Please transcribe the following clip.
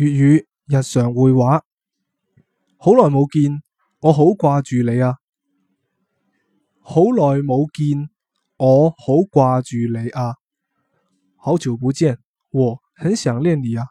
粵語日常會話，好耐冇見，我好掛住你啊！好耐冇見，我好掛住你啊！好久不見，我很想念你啊！